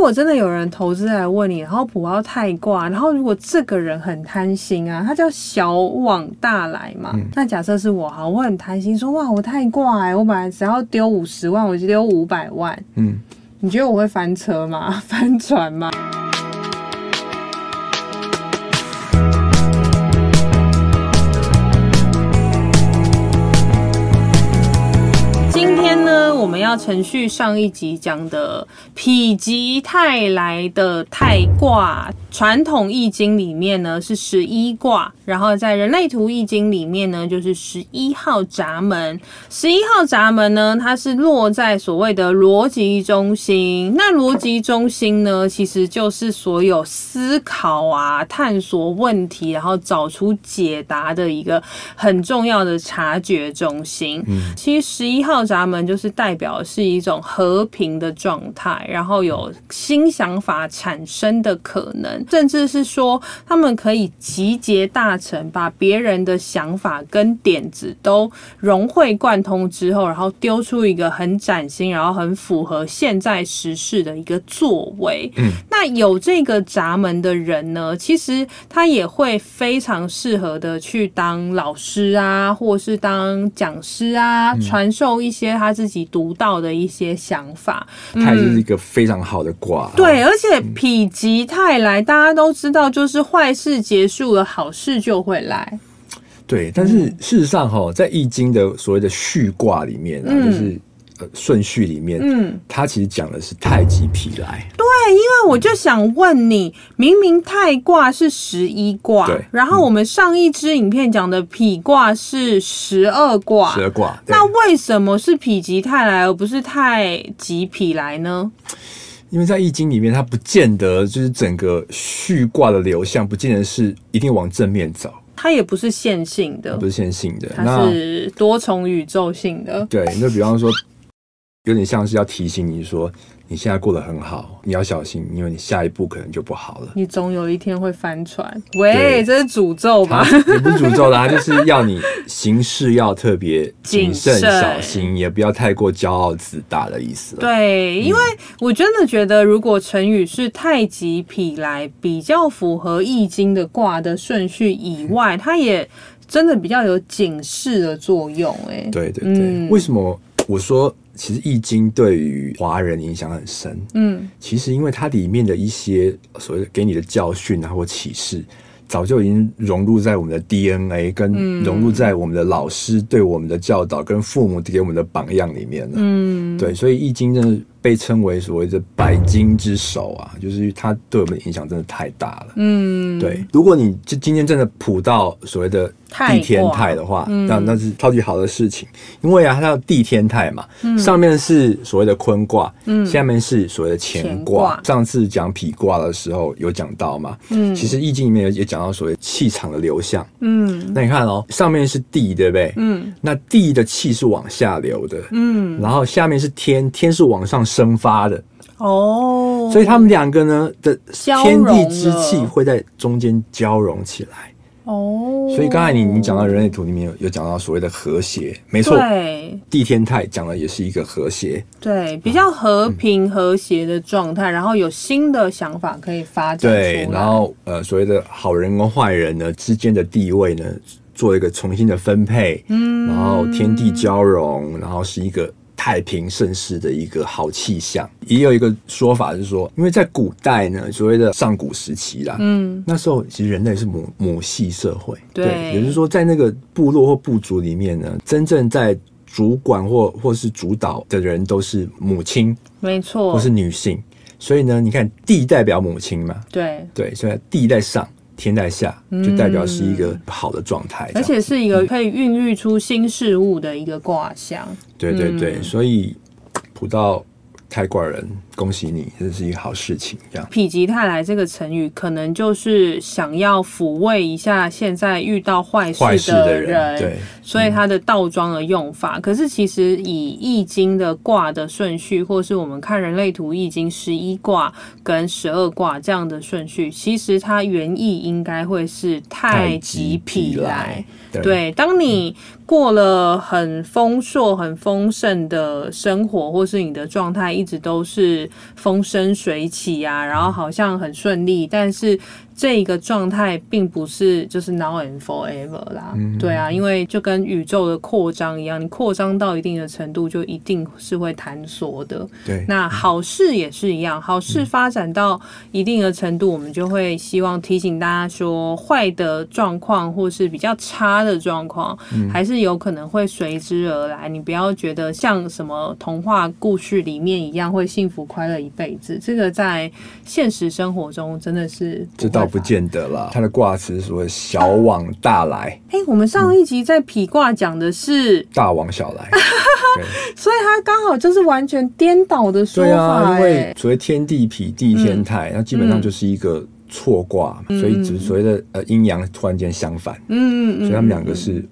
如果真的有人投資來問你，然後卜到泰卦，然後如果這個人很貪心啊，他叫小往大來嘛，嗯、那假設是我哈，我很貪心說，說哇我泰卦哎、欸，我本來只要丟五十萬，我就丟五百萬，嗯，你覺得我會翻車嗎？翻船嗎？我們要承續上一集講的“否極泰來”的泰卦，傳統易經裡面呢，是十一卦，然後在人類圖易經裡面呢，就是十一號閘門。十一號閘門呢，它是落在所謂的邏輯中心。那邏輯中心呢，其實就是所有思考啊、探索問題，然後找出解答的一個很重要的察覺中心。嗯，其實十一號閘門就是帶。代表是一種和平的狀態，然後有新想法產生的可能，甚至是說他們可以集結大成，把別人的想法跟點子都融會貫通之後，然後丟出一個很嶄新，然後很符合現在時事的一個作為。嗯，那有這個閘門的人呢，其實他也會非常適合的去當老師啊，或是當講師啊，傳授一些他自己獨。不到的一些想法，它、嗯、也是一個非常好的卦。對，而且否極泰來，嗯、大家都知道，就是壞事結束了，好事就會來。對，但是事實上，哈、嗯，在易經的所謂的序卦裡面，嗯、就是順序裡面，嗯，它其實講的是泰極否來。對，因為我就想問你，明明泰卦是十一卦，對然後我們上一支影片講的否卦是十二卦，十二卦，那為什麼是否極泰來，而不是泰極否來呢？因為在易經裡面，它不見得就是整個序卦的流向，不見得是一定往正面走，它也不是線性的，不是線性的，它是多重宇宙性的。那對，那比方說。 有點像是要提醒你說，你現在過得很好，你要小心，因為你下一步可能就不好了。你總有一天會翻船。喂，對這是詛咒嗎？也不詛咒啦， 就是要你行事要特別謹慎，謹慎小心，也不要太過驕傲自大的意思。對，嗯、因為我真的覺得，如果成語是泰極否來比較符合易經的卦的順序以外，它，嗯、也真的比較有警示的作用，欸。哎，對對對，嗯、為什麼我說？其實《易經》對於華人影響很深，嗯，其實因為它裡面的一些所謂給你的教訓啊或啟示，早就已經融入在我們的 DNA，跟融入在我們的老師對我們的教導，跟父母給我們的榜樣裡面了，嗯，對，所以《易經》真的。被稱為所謂的百經之首啊，就是它對我們的影響真的太大了。嗯，對，如果你就今天真的普到所謂的地天泰的話，嗯、那那是超級好的事情，因為啊，它叫地天泰嘛，嗯、上面是所謂的坤卦，嗯、下面是所謂的乾卦。前掛上次講否卦的時候有講到嘛，嗯，其實易經裡面也講到所謂氣場的流向，嗯，那你看哦、喔，上面是地，對不對？嗯，那地的氣是往下流的，嗯，然後下面是天，天是往上。生發的哦，oh, 所以他們兩個呢的天地之氣會在中間交融起來哦。Oh, 所以剛才你你講到人類圖裡面有有講到所謂的和諧，沒錯，對，地天泰講的也是一個和諧，對，比較和平和諧的狀態，嗯、然後有新的想法可以發展來。對，然後呃，所謂的好人跟壞人呢之間的地位呢做一個重新的分配，嗯，然後天地交融，然後是一個。太平盛世的一個好氣象，也有一個說法是說，因為在古代呢，所謂的上古時期啦，嗯，那時候其實人類是母母系社會，對，對，也就是說在那個部落或部族裡面呢，真正在主管或或是主導的人都是母親，沒錯，或是女性，所以呢，你看地代，代表母親嘛，對，對，所以地在上，天在下，就代表是一個好的狀態，嗯、而且是一個可以孕育出新事物的一個卦象。嗯、對對對，所以否到泰卦人，恭喜你，這是一個好事情。這樣“否極泰來”這個成語，可能就是想要撫慰一下現在遇到壞事的人，壞事的人對，所以它的倒裝的用法。嗯、可是其實以《易經》的卦的順序，或是我們看人類圖《易經》十一卦跟十二卦這樣的順序，其實它原意應該會是“泰極否來”來。對，對嗯、當你過了很豐碩、很豐盛的生活，或是你的狀態一直都是，風生水起啊，然後好像很順利，但是這一個狀態並不是就是 now and forever 啦，嗯、對啊，因為就跟宇宙的擴張一樣，你擴張到一定的程度，就一定是會坍縮的。對，那好事也是一樣，好事發展到一定的程度，嗯、我們就會希望提醒大家說，壞的狀況或是比較差的狀況，還是有可能會隨之而來。你不要覺得像什麼童話故事裡面一樣會幸福快。快了一輩子，這個在現實生活中真的是這倒不見得啦。他的卦辭所謂“小往大來”，哎、欸，我們上一集在《否卦》講的是“嗯、大往小來”， 對所以他剛好就是完全顛倒的說法對、啊。因為所謂“天地否地天泰”，那、嗯、基本上就是一個錯卦，嗯、所以只是所謂的呃陰陽突然間相反，嗯嗯嗯，嗯所以他們兩個是。嗯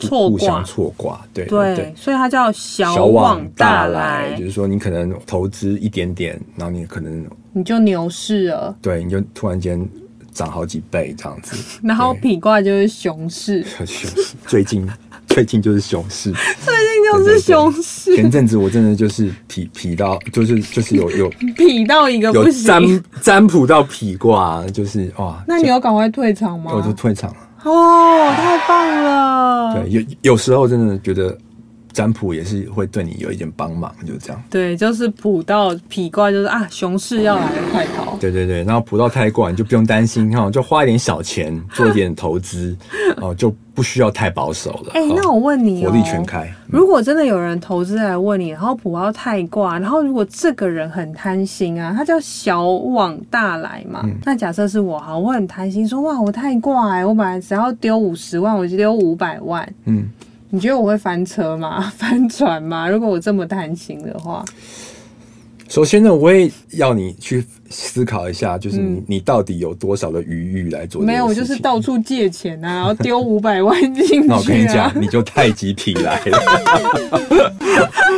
錯互相錯卦，對對，對所以它叫小往大來，大來就是說你可能投資一點點，然後你可能你就牛市了，對，你就突然間漲好幾倍這樣子， 然後否卦就是熊市，熊市最近最近就是熊市，最近就是熊市，前陣子我真的就是否否到，就是就是有有否 到一個不行，有占占卜到否卦，就是哇，那你有趕快退場嗎？就我就退場了。哦，太棒了。對，有有時候真的覺得。占卜也是會對你有一點幫忙，就這樣。對，就是卜到否卦，就是啊，熊市要來快，快跑！對對對，然後卜到泰卦，你就不用擔心哈、 喔，就花一點小錢做一點投資，哦、 喔，就不需要太保守了。哎、欸，喔、那我問你、喔，活力全開。嗯、如果真的有人投資來問你，然後卜到泰卦，然後如果這個人很貪心啊，他叫小往大來嘛。嗯、那假設是我，好，我很貪心，說哇，我泰卦、欸，我本來只要丟五十萬，我就丟五百萬，嗯。你覺得我會翻車嗎？翻船嗎？如果我這麼貪心的話？首先呢，我也要你去思考一下，就是你你到底有多少的餘裕來做、嗯？沒有，我就是到處借錢啊，然後丟五百萬進去、啊。 那我跟你講，你就泰極否來了。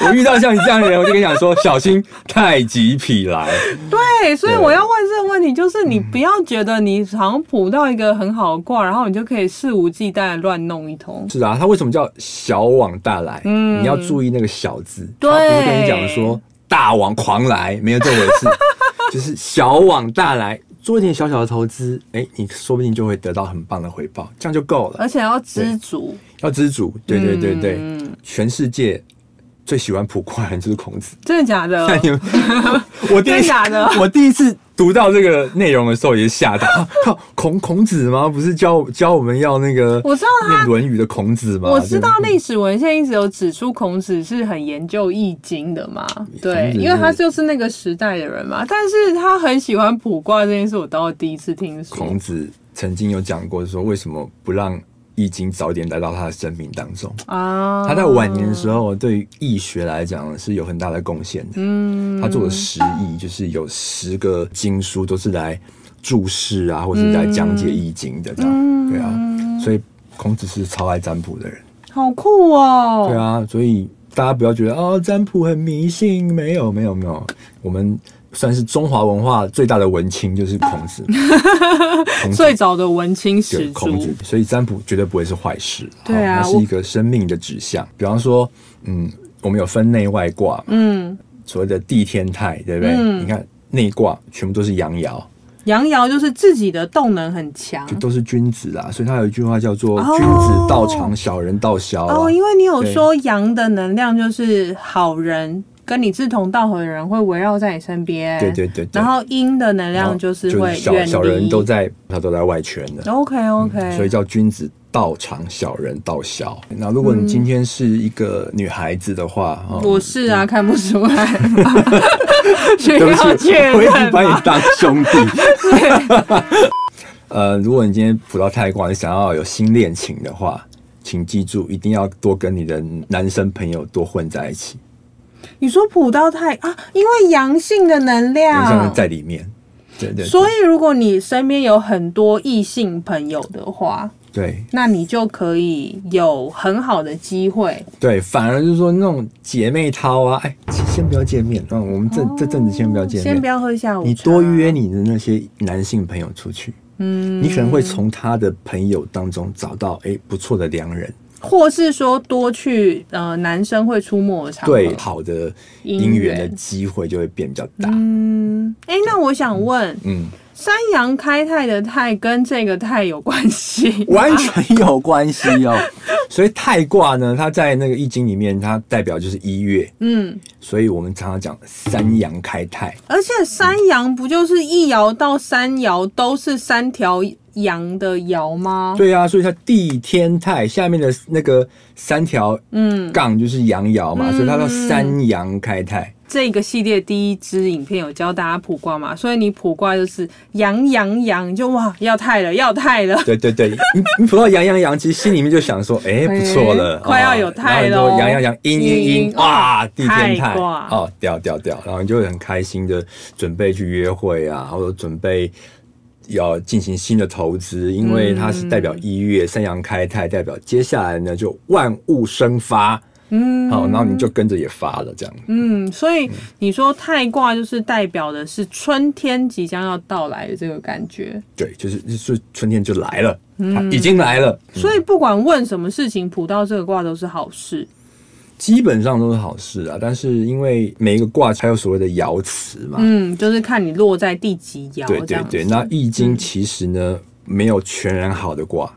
我遇到像你這樣的人，我就跟你講說， 小心泰極否來。對，所以我要問這個問題，就是你不要覺得你常卜到一個很好的卦，然後你就可以肆無忌憚的亂弄一通。是啊，它為什麼叫小往大來？嗯，你要注意那個“小”字。對。我跟你講說。大往狂來沒有這回事， 就是小往大來，做一點小小的投資，哎、欸，你說不定就會得到很棒的回報，這樣就夠了。而且要知足，要知足，對對對對，嗯、全世界最喜歡卜卦的就是孔子。真的假的？我，我 真的，假的我，我第一次。讀到這個內容的時候也嚇到、 啊，孔孔子嗎？不是教教我們要那個？我知道他《論語》的孔子嗎？我知道歷史文獻一直有指出孔子是很研究《易經》的嘛。對，因為他就是那個時代的人嘛。但是他很喜歡卜卦的這件事，我倒是第一次聽說。孔子曾經有講過說，為什麼不讓易經早一點來到他的生命當中啊！Oh. 他在晚年的時候，對於易學來講是有很大的貢獻的。Mm. 他做了十翼，就是有十個經書都是來注釋啊，或是來講解易經的，mm. 這樣。對啊，所以孔子是超愛占卜的人，好酷哦！對啊，所以大家不要覺得哦，占卜很迷信，沒有沒有沒有，我們。算是中華文化最大的文青就是孔子，孔子 最早的文青是孔子，所以占卜絕對不會是壞事。對啊，它、哦、是一個生命的指向。我比方說，嗯，我們有分內外卦，嗯，所謂的地天泰，對不對？嗯、你看內卦全部都是陽爻，陽爻就是自己的動能很強，就都是君子啊。所以他有一句話叫做“哦、君子道長，小人道消、啊”。哦，因為你有說陽的能量就是好人。跟你志同道合的人會圍繞在你身邊，對，對對對。然後陰的能量就是會，小小人都在，他都在外圈的。OK OK，、嗯、所以叫君子道長，小人道消。那如果你今天是一個女孩子的話，我是啊，看不出來，都我兄弟，把你當兄弟。 對 呃，如果你今天普到太廣，你想要有新戀情的話，請記住，一定要多跟你的男生朋友多混在一起。你說卜到泰啊，因為陽性的能量在裡面，對對、對。所以如果你身邊有很多異性朋友的話，對，那你就可以有很好的機會。對，反而就是說那種姐妹淘啊，哎、欸，先不要見面，嗯，我們這這陣子先不要見面，哦、先不要喝下午茶。你多約你的那些男性朋友出去，嗯，你可能會從他的朋友當中找到哎、欸、不錯的良人。或是說多去呃男生會出沒的場合，對，好的姻緣樂的機會就會變比較大。嗯，哎、欸，那我想問，嗯，三、嗯、陽開泰的泰跟這個泰有關係？完全有關係哦。 所以泰卦呢，它在那個易經裡面，它代表就是一月。嗯，所以我們常常講三陽開泰，而且三陽不就是一爻到三爻都是三條陽的爻嗎？對啊，所以它地天泰下面的那個三條嗯槓就是陽爻嘛，嗯、所以它叫三陽開泰、嗯嗯嗯。這個系列第一支影片有教大家卜卦嘛，所以你卜卦就是陽陽陽，就哇要泰了要泰了。要泰了對對對，你你卜到陽、陽陽陽，其實心裡面就想說，哎、欸、不錯了，欸哦、快要有泰了。然後你說陽陽陽陰陰陰，哇地天泰，泰卦哦掉掉掉，然後你就會很開心的準備去約會啊，或者準備。要進行新的投資，因為它是代表一月、嗯、三陽開泰，代表接下來呢就萬物生發。嗯，好，然後你就跟着也發了這樣。嗯，所以你說泰卦就是代表的是春天即將要到來的這個感覺。對，就是、就是春天就來了，嗯、已經來了。嗯、所以不管問什麼事情，卜到這個卦都是好事。基本上都是好事啊，但是因為每一個卦，才有所謂的爻辭嘛，嗯，就是看你落在第幾爻，對對對。那《易經》其實呢，對沒有全然好的卦，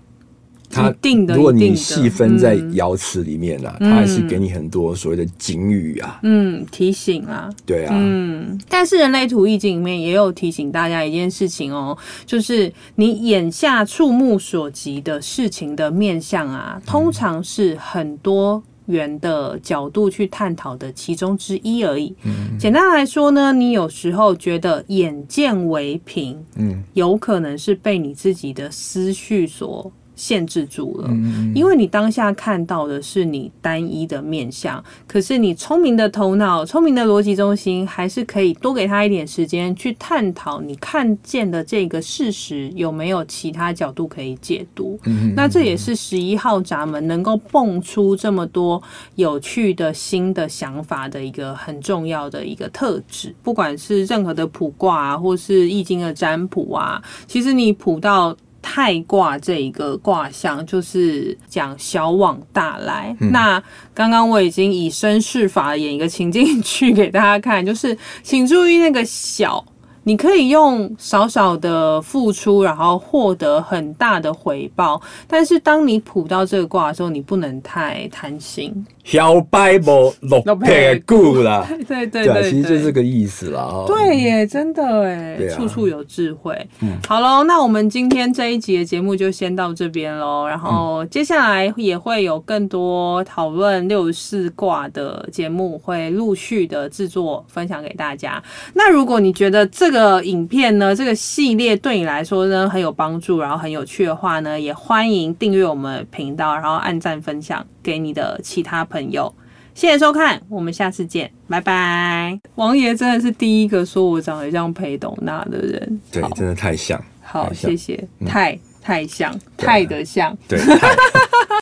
它一定的。如果你細分在爻辭裡面啊，嗯、它還是給你很多所謂的警語啊，嗯，提醒啊，對啊，嗯。但是人類圖《易經》裡面也有提醒大家一件事情哦，就是你眼下觸目所及的事情的面向啊，通常是很多。源的角度去探討的其中之一而已。嗯，簡單來說呢，你有時候覺得眼見為憑，嗯，有可能是被你自己的思緒所限制住了，因為你當下看到的是你單一的面相，可是你聰明的頭腦、聰明的邏輯中心，還是可以多給他一點時間去探討你看見的這個事實有沒有其他角度可以解讀。嗯、哼那這也是十一號閘門能夠蹦出這麼多有趣的新的想法的一個很重要的一個特質。不管是任何的卜卦啊，或是易經的占卜啊，其實你卜到。泰卦這一個卦象，就是講小往大來。嗯。那剛剛我已經以身試法，演一個情境，去給大家看，就是請注意那個小，你可以用少少的付出，然後獲得很大的回報。但是當你卜到這個卦的時候，你不能太貪心。小白不落偏股了。 對對對，對，對，對， 對，其實就是這個意思啦。對耶，嗯、真的耶，處處有智慧。啊、好嘍，那我們今天這一集的節目就先到這邊嘍。然後接下來也會有更多討論六十四卦的節目會陸續的製作分享給大家。那如果你覺得這個影片呢，這個系列對你來說呢很有幫助，然後很有趣的話呢，也歡迎訂閱我們頻道，然後按讚分享。給你的其他朋友，謝謝收看，我們下次見，拜拜。王爺真的是第一個說我長得像裴董娜的人，對，真的太像。好，謝謝，太太像，太的像，對。